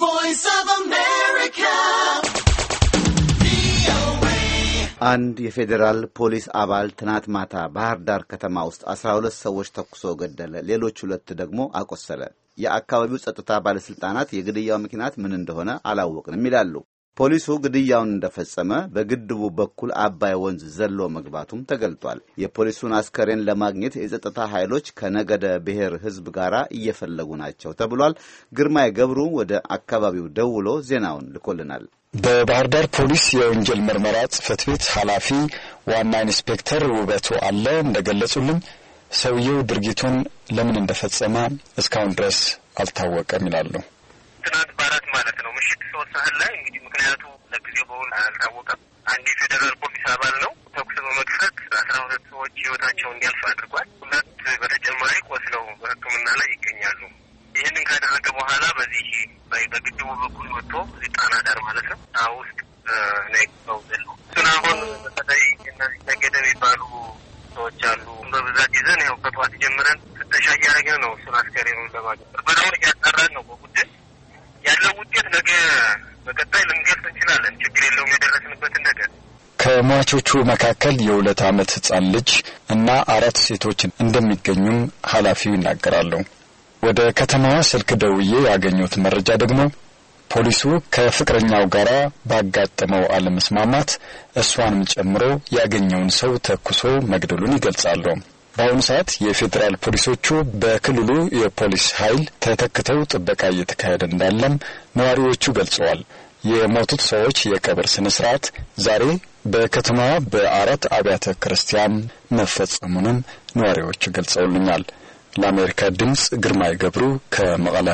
voice of America. አንድ የፌዴራል ፖሊስ አባል ትናንት ማታ ባህር ዳር ከተማ ውስጥ አስራ ሁለት ሰዎች ተኩሶ ገደለ፣ ሌሎች ሁለት ደግሞ አቆሰለ። የአካባቢው ጸጥታ ባለስልጣናት የግድያው ምክንያት ምን እንደሆነ አላወቅንም ይላሉ። ፖሊሱ ግድያውን እንደፈጸመ በግድቡ በኩል አባይ ወንዝ ዘሎ መግባቱም ተገልጧል። የፖሊሱን አስከሬን ለማግኘት የጸጥታ ኃይሎች ከነገደ ብሔር ሕዝብ ጋር እየፈለጉ ናቸው ተብሏል። ግርማይ ገብሩ ወደ አካባቢው ደውሎ ዜናውን ልኮልናል። በባህር ዳር ፖሊስ የወንጀል ምርመራ ጽህፈት ቤት ኃላፊ ዋና ኢንስፔክተር ውበቱ አለ እንደገለጹልኝ ሰውየው ድርጊቱን ለምን እንደፈጸመ እስካሁን ድረስ አልታወቀም ይላሉ። ሰዎች ሳህል ላይ እንግዲህ ምክንያቱ ለጊዜው በውል አልታወቀም። አንድ የፌዴራል ፖሊስ አባል ነው ተኩስ በመክፈት አስራ ሁለት ሰዎች ህይወታቸው እንዲያልፍ አድርጓል። ሁለት በተጨማሪ ቆስለው በሕክምና ላይ ይገኛሉ። ይህንን ካደረገ በኋላ በዚህ በግድቡ በኩል ወጥቶ እዚህ ጣና ዳር ማለት ነው ታ ውስጥ ነው ዘሎ እሱን አሁን በተለይ እነዚህ ነገደ የሚባሉ ሰዎች አሉ በብዛት ይዘን ያው ከጠዋት ጀምረን ፍተሻ እያደረግን ነው። እሱን አስከሬኑን ለማግኘት ብርበራውን እያጣራን ነው በቡድን ያለው ውጤት ነገ በቀጣይ ልንገልጽ እንችላለን። ችግር የለውም የደረስንበትን ነገር። ከሟቾቹ መካከል የሁለት ዓመት ህጻን ልጅ እና አራት ሴቶች እንደሚገኙም ኃላፊው ይናገራሉ። ወደ ከተማዋ ስልክ ደውዬ ያገኙት መረጃ ደግሞ ፖሊሱ ከፍቅረኛው ጋር ባጋጠመው አለመስማማት እሷንም ጨምሮ ያገኘውን ሰው ተኩሶ መግደሉን ይገልጻሉ። በአሁኑ ሰዓት የፌዴራል ፖሊሶቹ በክልሉ የፖሊስ ኃይል ተተክተው ጥበቃ እየተካሄደ እንዳለም ነዋሪዎቹ ገልጸዋል። የሞቱት ሰዎች የቀብር ስነ ስርዓት ዛሬ በከተማዋ በአራት አብያተ ክርስቲያን መፈጸሙንም ነዋሪዎቹ ገልጸውልኛል። ለአሜሪካ ድምፅ ግርማይ ገብሩ ከመቀለ